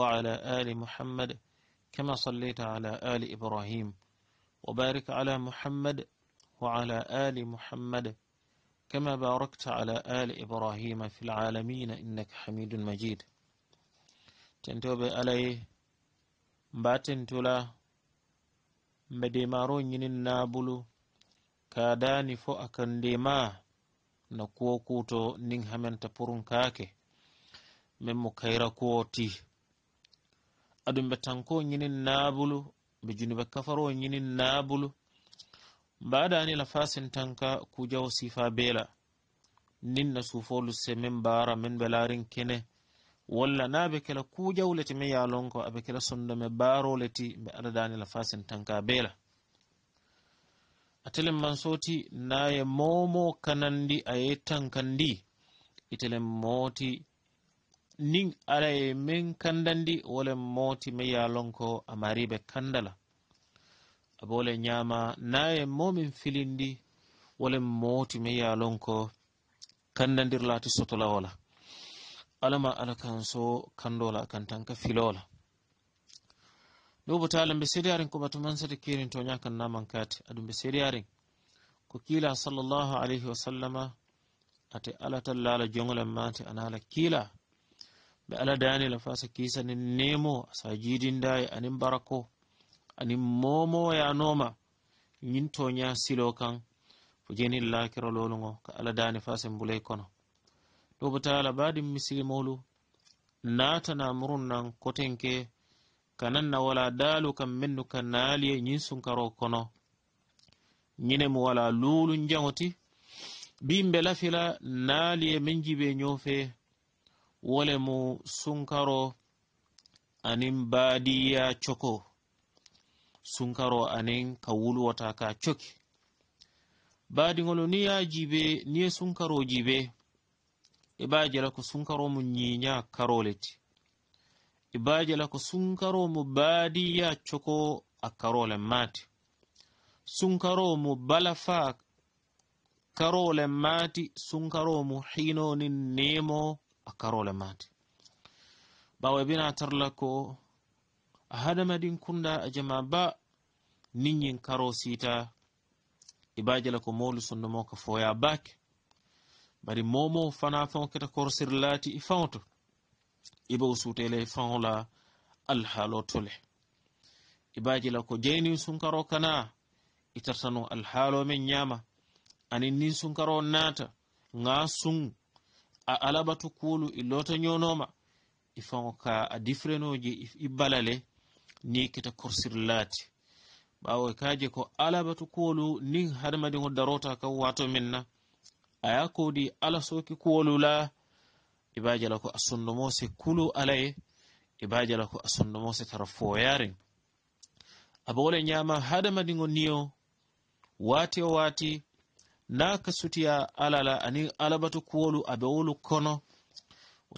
وعلى آل محمد كما صليت على آل إبراهيم وبارك على محمد وعلى آل محمد كما باركت على آل إبراهيم في العالمين إنك حميد مجيد تنتوب عليه باتن تلا مديمارو ينين نابلو كاداني فو أكنديما نكوكوتو نين همن تبورن كاكي من مكيرا كوتي adum ɓe tanko ñinin naabulu ɓe juni ɓe kafaro ñinin naabulu mbaɗani lafasin tanka kujawo sifa bela nin na sufolu se min bara min ɓe larin kene walla na ɓe kela kujawleti min yalonko aɓe kela sondome baroleti ɓe adadani lafasin tanka bela atelen man soti naye momo kanandi aye tankandi itelen moti ni alaye min kandandi wole moti mi yalonko amaribe kandala abole ñama naye momin filindi wole moti mi yalonko kandandirlati sotolawola alama ala kan so kandola kan tanka filola nobo taala mbe seedaren ko batuman sata kerin to ñakan namankati aɗum ɓe seedaren ko kiila sallllahu alayhi wa sallama ate alatal lala jongolen mate anala kiila ɓe ala daniel fasa kisani nemo asa jidindayi anin barako anin momoyanoma yintoya silo kan fujeni lakiro lolugo ka ala dani fasi bulay kono dobo taala badin misilimolu natana murun nan kotenke kanan na wala dalu kan mennu ka naliye yin sunkaro kono yinemu wala lulun jaŋoti bimbe lafila naliye men jibe yofe wolemu sunkaro anin baadiya coko sunkaro anin ka wulwata ka coki baadiŋolu niŋ ye jibe jiibe niŋ ye sunkaro jibe i be je la ko sunkaro mu ñiiña karo le ti i be je la ko sunkaro mu baadiya coko a karo le maati sunkaro mu balafa karo le maati sunkaro mu hino ni neemo a karole mate ɓawo e bina tarla ko a hadama ɗin kunda a jama ba ninyin karo sita ibajala e ko moolu sondomoka foya bake bari momo fana fao keta korsir laati i fawto ibow sutele fawla alhaalo tole ibajila ko jeynin sunkaro kana itartano alhaalo men ñaama anin nin sunkaro naata ga sun a alaɓatu kuulu i loto ñonoma i fawo ka a difrenoji i balale ni kita korsir laati ɓawo e kaje ko alaɓatu kuolu nin hadamadi go darota kam wato minna aya kodi ala soki kuolu la ibajala ko a sondomose kulu alaye ibajala ko a sondomose tara foyarin abole ñama hadamadi go niyo wati o wati na ka sutiya ala la ani alabato kuwolu a be wolu kono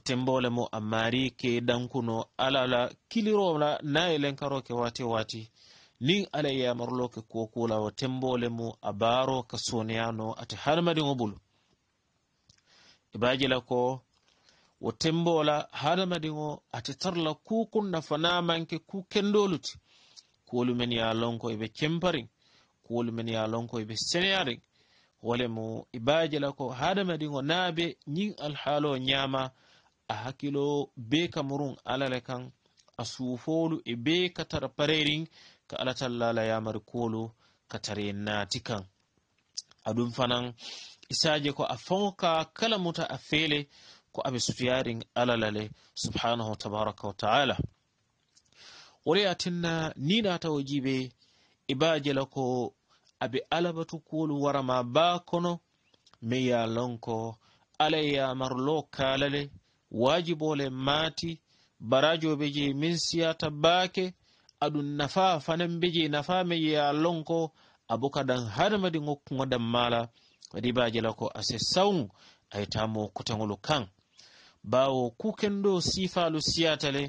tembo le mo a maari ke dankuno ala la kiliro la na ye lenkaro ke waati waati niŋ ala ye yamarlo ke kuwo kuwo la wo tembo le mo a baaro ka sooneyano ate hadamadiŋo bulu i be a je la ko wo tembo la hadamadiŋo ate tara la kuu kunna fana maŋ ke kuu kendolu ti kuwolu men ye a lonko i be kempariŋ kuwolu men ye a lonko i be seneyariŋ wole mo ibaje la ko hadamadi go naabe ñin alhaalo ñaama a hakkilo be kamarun alale kan a suufolu e be katar parerin ka alatallala yamari kolo katare naati kan aɗum fanan isaje ko a fonka kala muta a feele ko aɓe sutuyarin alalale subhanahu wa tabaraka wa taala wole ya tinna ni ɗa tawo jiɓe ibaje la ko aɓe alabatukuol warama ba kono miya lonko alaya marlo kalale wajibole maati barajoɓe je min siyata baake aɗum nafa fanan be je nafa meyiya lonko abo kadan hanamadi gokkugadan mala ribajela ko ase sawu aytamo kutagolu kan bawo kukendo sifalu siyatale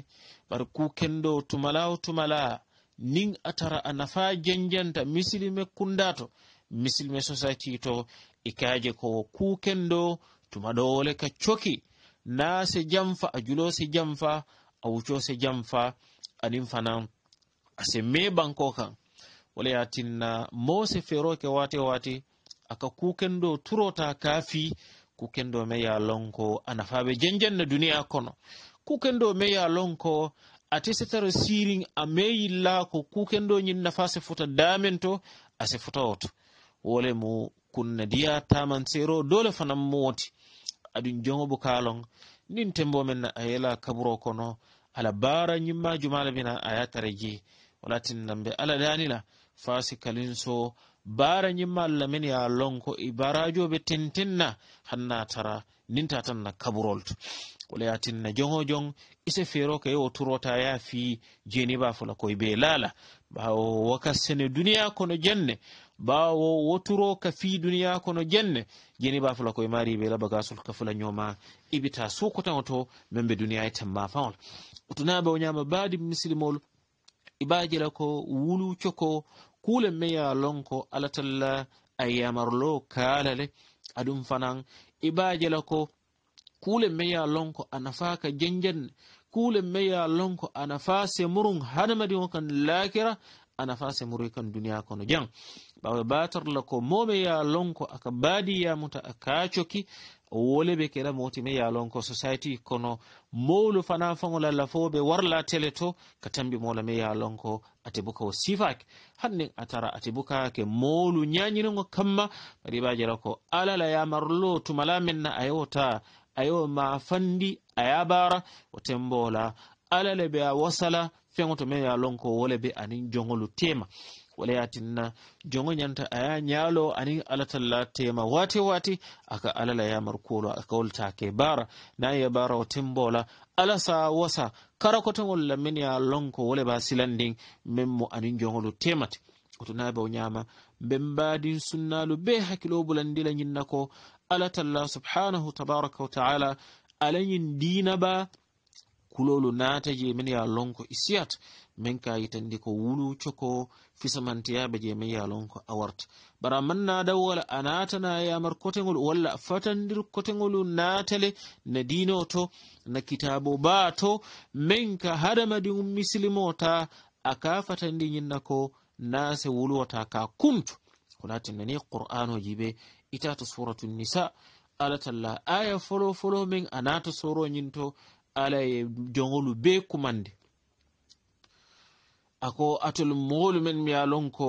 bar kukendo tumalao tumala, tumala nin atara a nafa janjanta misilime kundato misilime society to ikaje ko kukendo do tuma ɗo ka coki na se jamfa a julo se jamfa a wuco se jamfa anin fanan ase me banko kan wala yatinna mo se fero ke wate wate aka kukendo turota kafi kukendo me ya lonko a nafaɓe na duniya kono kukendo me ya lonko a tesitara sirin a meyilla ko kukendoñinna fa se fota damen to a se fota oto wole mo kunna diya taman sero dole fanan mo woti aɗum jogobo kalon nin tembomen a yela kaburo kono ala bara yimmaju malamina a yatara je wala tinnambe ala danila fasi kalinso bara yimma allah men ya lonko e barajoɓe tentinna hanna tara ninta tan na kaburol to koleyatinna jongo jong ise fero ka yo turota ya fi jeniba fola koye be laala bawo wakasene duniya kono jenne bawo woturo ka fi duniya kono jenne jeniba fola koye mari be labagasol ka fula ñoma ibita sukotao to membe duniya e temma fawol utunaɓe o ñama baadi misilimol iba jela ko wulu coko kuule meya lonko alatalla ayamarlo kaalale aɗum fanan ibaje la ko kule meya lonko anafa ka jenjenne kule meya lonko anafa semurun hanamadi kan lakira anafa semuru kan duniya kono jaŋ ɓawo batorla ko mome yalonko aka baadi yamuta akacoki wolɓe keɗa motime yalonko society kono mowlu fanafogolallah fo ɓe warla tele to ka tambi molame yalonko atebuka o sifaki hanni atara atebukake molu ñañinogo kamma maɗibajira ko alala yamarlo tumala menna ayewta ayewo ma fandi ayabara otembola alala ɓe a wasala fego to men yalonko wolɓe anin jogolu tema waliyatinna jongo ñanta aya ñaalo ani alatalla tema wate wate aka alala ya kolo aka ke bara ya bara otimbola alasa wasa kara kotogol lamin ya lonko wale ba silandin min ani anin jongolu temate oto naɓe bembadin sunnalu be hakkilo bulandila ñinna ko alatalla subhanahu tabaraka wa taala alayin dina ba kulolu naata je min ya lonko isiyat min kayitandi ko wulu coko fisamantiyaɓe je min yalon ko awart bara manna dow wala a natana yamar kotegol walla fatandir kotegol natale na dino to na kitabo ba to min ka hadamadi um misilimota aka fatandi yinna ko nase wulwata ka kumto ko latinnani qur'anoji ɓe itato suratu nisa alatalla aya folo folo min a nata soroyinto alaye jogolu be kumande ako atol moolumen miyalonko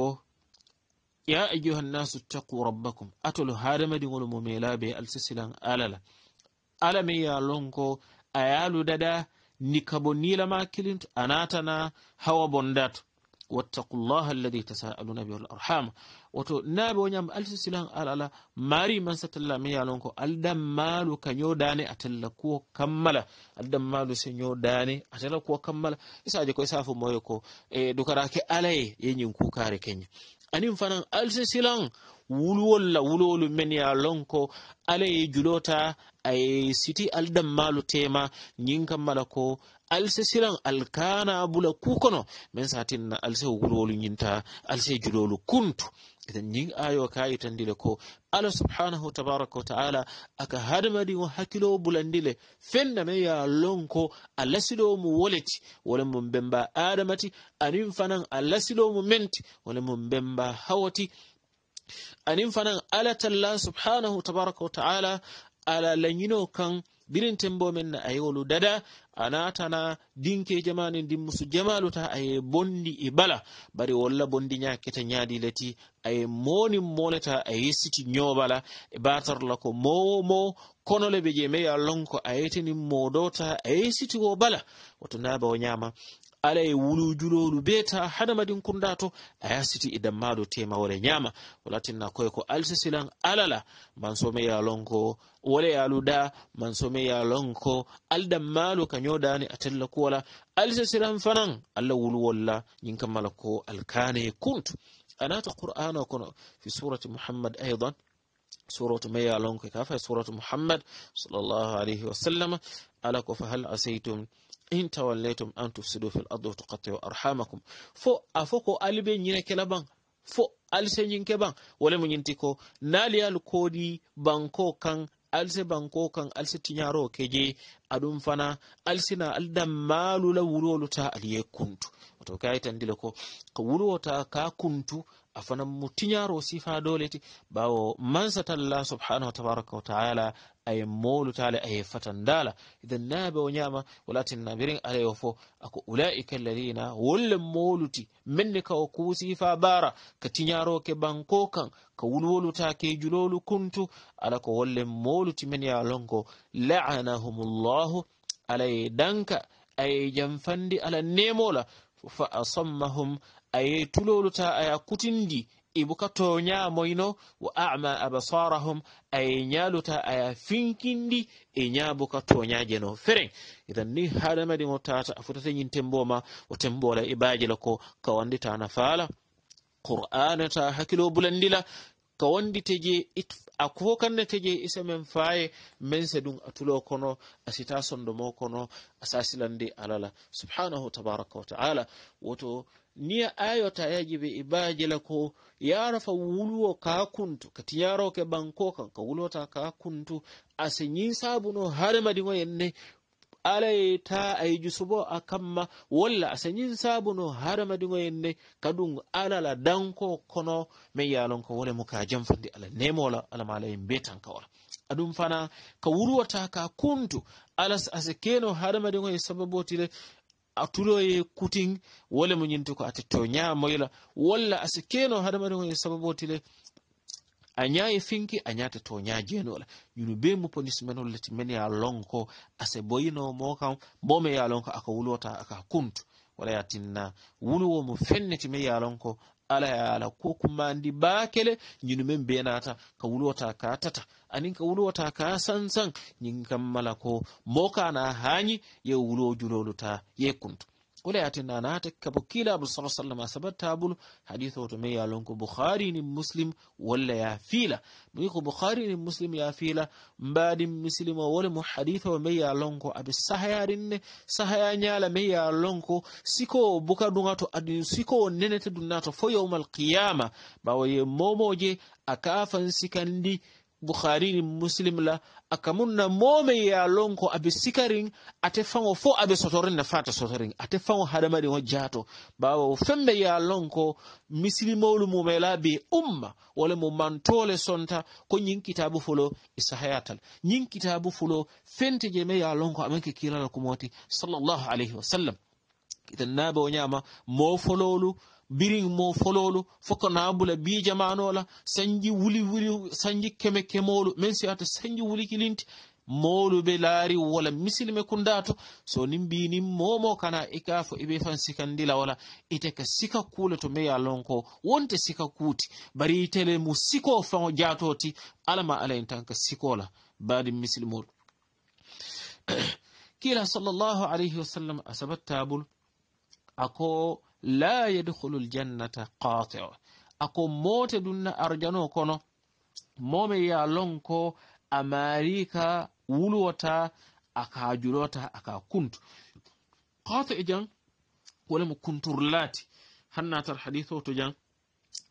ya ayuhannasu taku rabbakum atol haremadiŋol mumelabe alsisilan alala ala men yalonko ayalu dada ni kabo nilama kilinto anatana hawa bondato wattaqu llaha alladhi tasaaluna bihi arham woto naaɓe o ñam alsi silan alala mari man satalla mi yalon ko aldammaalu ka ñoɗani atella kuwo kammala aldammaalu so ñoɗani atella kuwo kammala isa isaji koye safo moyo ko e eh, dukarake alaye yeñin kukare kenya anin fanan alsi silan wuluwol la wuluwolu men ye a lon ko alla ye julota a ye siti ali danmalu tema ñiŋ kammala ko alse silan alkana bula ku kono men na alse wuluwolu ñinta alse julolu kuntu idan ñiŋ ayo ka yitandi le ko alla subhanahu tabaraka wa taala aka hadamadiŋo hakkilo bulandi le feŋ name ye a lon ko a mu wo le ti wo adamati aniŋ fanaŋ a mu meŋ ti wo le anin fanan alatalla subhanahu tabaraka wa ta'ala ala lanyino kan birin tembo men na ayewolu dada na dinke jamanin din musu jamaluta aye bondi ibala e bala bari walla bondi kita ya dilati aye moni moleta aye siti ñobala e batarla ko mo konole be je meya lonko ayetini modota aye siti wo bala wata naba o nyama. ala wulu wulujulolu beta hadamadin kurdato aya siti idan maɗo nyama walatin na koy ko alsisilan alala man ya yalonko wala yaluda mansome yalonko aldan malu dani atella kuwala alsisilan fanan allah wulwolla ñin kammala ko alkane kuntu anata qur'ana kono fi surati muhammad aidan سورة ميا لونك كافة سورة محمد صلى الله عليه وسلم على فهل أسيتم in tawallaytum an tufsidu fil ardi wa arhamakum fo afoko alibe nyina kelaban fo alse nyinke ban wala mu nyintiko nali al kodi banko kan alse banko kan alse tinyaro keje adum fana alsina aldammalu la wurolu ta aliye kuntu to kayi tandila ko ko wulwota ka kuntu a mutum yaro sifa doleti bawo mansatalla subhanahu wa tabaraka wa taala a molutale fatan dala. idan na naɓe o ñama walatin nabirin alayo fo ako ulaika alladina wolle moluti ni ka o sifa bara ka tiñaroke banko kan ka wulwolutake julolu kuntu ala ko wolle moluti min ya a la'anahumullahu alaye danka aye jamfandi ala nemola fa asammahum aye tulolota aya kutindi ibuka toñamoyno wa ama abasarahum aye ñalota aya finkindi e ñabuka toñaje no feren ithan ni haalamaɗio tata a fota teñin temboma o tembola e baajila ko kawandita nafaala qur'ana ta hakkilo bulandila ka wonditege a na tege isa men faye men sadun a tulo kono a sita son da kono a sasilande alala subhanahu tabaraka wa taala Wato niya ayota ya ibaje la ko ya rafa wulwo ka kuntu kati yaro ke banko kan ka wulota ka kuntu a nyin sabuno har madiŋo yenne alay ta ayiju subo a kamma walla a sañin sabuno haramadigoyenne kadum alala danko kono me yalon ko wole mo ka janfandi ala nemola alamalayen be tanka wala aɗum fana ka wurwata ka kuntu alas ase keno haramadigoye sababotile a tuloye kutin Wale mo ñinti ko a tetto ñamoyla walla ase keno haramadigoye sababotile a anyaye finki anyata to ñajeenola ñunu be mo policemenol leti men ya lonko ase boyino mo kam bome ya lonko aka wulota aka kuntu wala ya tinna wuluwo mo fenneti me ya lonko ala ya ala ko kuma ndi bakele me men be naata ka wulota ka tata anin ka wulota ka sansan ñin kammala ko mo kana hañi ye wulo julolu ta ye kuntu kule atina na ta kabu kila abu sallallahu alaihi wasallam tabul hadithu to mai yalon ko bukhari ni muslim walla ya fila mai ko bukhari ni muslim ya fila mbadi muslimo wala mu hadithu mai yalon ko abi sahayarin ne sahaya nyala mai yalon ko siko buka dunga to adi siko nenete dunna to fo yawmal qiyama bawaye momoje akafan sikandi bukhari ni muslim la a kamun na mome ya ko abe sikarin ate fango fo abe sotorin na fata sotorin ate fango hadamadin o jato bawo fembe ya lon ko misilimolu mumela umma wala mu mantole sonta ko nyin kitabu fulo isahayatal yin kitabu fulo fente je me ya lon ko kirala kumoti sallallahu alaihi wasallam idan na ba wanyama mo birig mo fololu foko nabula bi jamanola sanji wuli wuli sanji keme kemolu men si ata sanji wuli kilinti molu be laari wala misilime kundato so nin mbinin momo kana ikafo ibe fan sikandila wala ite ka sika kule to me yalonko wonte sika kuti bari itele mu siko fan jatoti alama ala intan ka sikola badi misilmol kila sallallahu alaihi wasallam asabat tabul ako la ya yadkhulul jannata qati ako mota dunna arjano kono mome ya lonko amarika wulwata aka julota aka kuntu qati ijan e wale mu kunturlati hanna tar hadithu to jan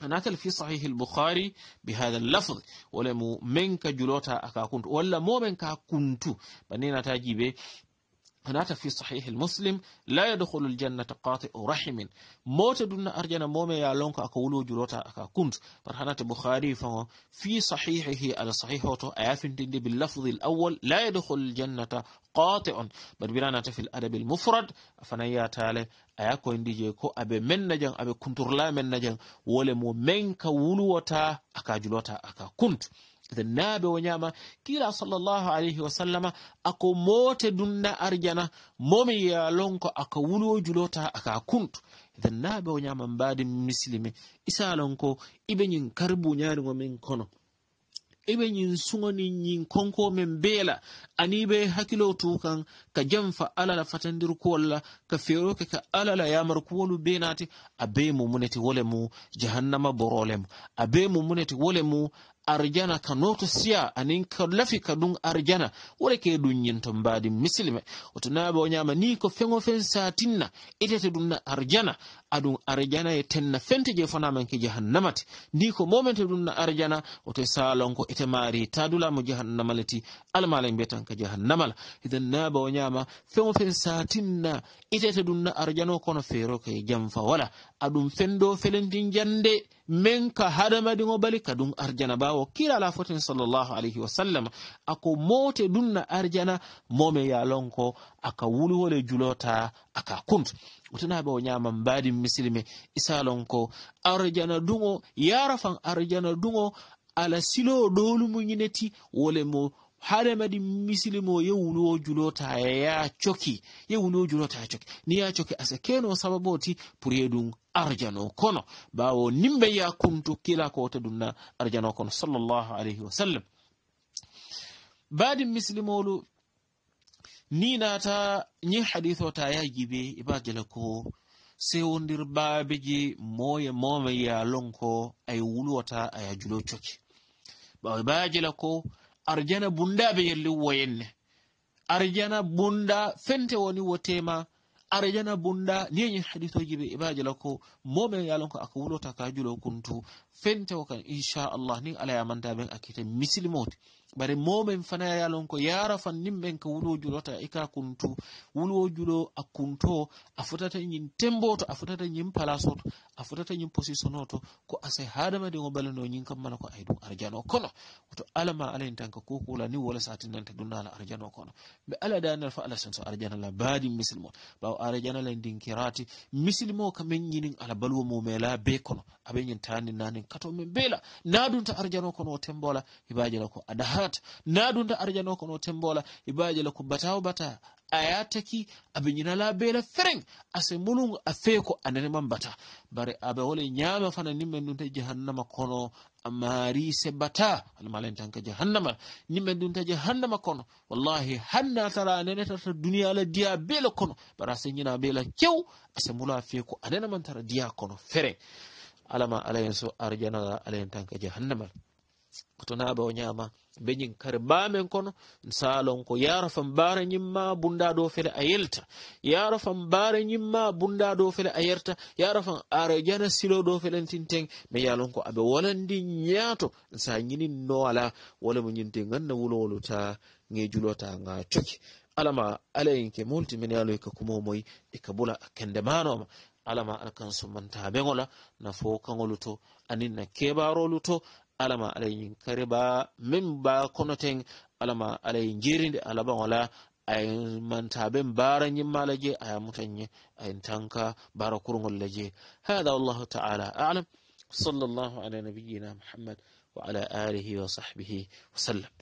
anatal ta sahih al-bukhari bi hadha lafzi lafz wala mu menka julota aka kuntu wala mome ka kuntu ta jibe. anata fi sahihi muslim la yadkhulu aljannata qati'u rahimin mota dunna arjana mome ya lonko aka wulo julota aka kunt par hanata bukhari fango fi sahihihi ala sahihoto ayafindinde bil lafzi al awwal la yadkhulu aljannata qati'un bad biranata fil adab al mufrad fanaya tale aya ko indije ko abe mennajan abe kunturla mennajan wole mo men ka wuluwata aka julota aka kunt nabe wonyama kila sallllahu alayhi wa sallama ako moote dunna arjana momi yalonko aka wulwojulota aka kuntu eden nabe wonyama mbadi misilime isalonko iɓe ñin karbu ñanigo min kono iɓe ñin sugoni ñin konko men beela ani ɓe hakkilo tu kan ka janfa alala fatandir kuwolla ka feroke ka alala yamar kuwolu be naati a be mumuneti wole mu jahannama borole mu a be mumuneti wole mu arjana ka noto siya anin ka lafi ka dun arjana wore ke ɗum tambadin mbadi misilme woto naaba o ñama ni ko feŋo fen satinna ita ta na arjana dun arjana ya tenna fente je fana man fanamanke jahannamate ni ko momente ɗum na arjana woto salonko ite maari tadulamo jahannamalati almala mbiyetan ka jahannamala idan naaba o ñama feŋo fen satinna ita ta na arjana kono feero ka e jam wala adun fendo felentin jande men ka hadamadiŋo bali ka dun arjana bawa kira la fotin sallallahu alayhi wa sallam ako mote dunna arjana mome ya lonko aka wulwole julota aka kunt utunaɓe o ñaman mbadin misilme isa ko arjana dungo yarafan arjana dungo ala silo nyineti wole mo hare madi misilimo yewuno julota ya coki yewuno julota ya coki ni ya coki asa keno sababoti pour yeɗum arjano kono bawo nimɓe ya kumto kila ko wata ɗum na arjano kono sallllahu alayhi wa sallam badi misilimolu ni nata ñi hadith o ta ya jibe iba jala ko sewodir babeji moye moma ya lonko ay wulwota aya julo coki bawo iba jala ko arjana bunda be yelli woyenne arjana bunda fente woni wotema arjana bunda niyeñin hadisoji ɓe ibaji ko momen yalon ko aka wulota ka julo kuntu fente o kan inchallah nin ben akite mislimoti bare momen fanaya yalon ko yara yarafan nimɓen ka wulwojulota ika kuntu wulwojulo a kunto a fotata ñin temboto a fotata ñin palasoto a fotata ñin positionoto ko ase hadama de o balano ñin kam mana ko ay arjano kono to alama alayn tanka ko kula ni wala wola satinnanta dunala arjano kono be ala danal fa ala sen so arjana la badi misil mo ɓaw arjana la dinkirati misil mo kamen ñinin ala balwo mo mela be kono aɓe ñin tani nanin kato men bela nadunta arjano kono tembola hibaji ko adaha tarat na dunda arjano kono tembola ibaje ko kubata bata ayataki la bela fereng ase mulungu afeko anene mambata bare abe wole nyama fana nime nunte jahannama kono amari se bata ntanka jahannama nime nunte jahannama kono wallahi hanna tara anene tata dunia la dia bela kono bare ase nyina bela kiu ase mula afeko anene man dia kono fereng alama alayen so arjanala alayen jahannama na ba o ñama be ñin kare bamen kono salon ko yara fam bara ñimma bunda do fele a yelta yara fam bara ñimma bunda do fele a yerta yara fam ara jana silo do fele tinten me yalon ko abe wolandi ñaato sa ñini no ala wala mo ñinte ganna wulo ta nge julota nga coki alama alayin ke multi men yalo ka kuma moy e ka bula kende manoma alama alkan sumanta bengola na fo kangoluto anin na luto alama alayin kariba min ba konoten alama alayin jirin da alaban wala a ayin mantabin baran yin malaje a mutanye ayin tanka bara kurun laje hada allah ta'ala a'lam sallallahu ala nabiyyina muhammad wa ala alihi wa sahbihi wa sallam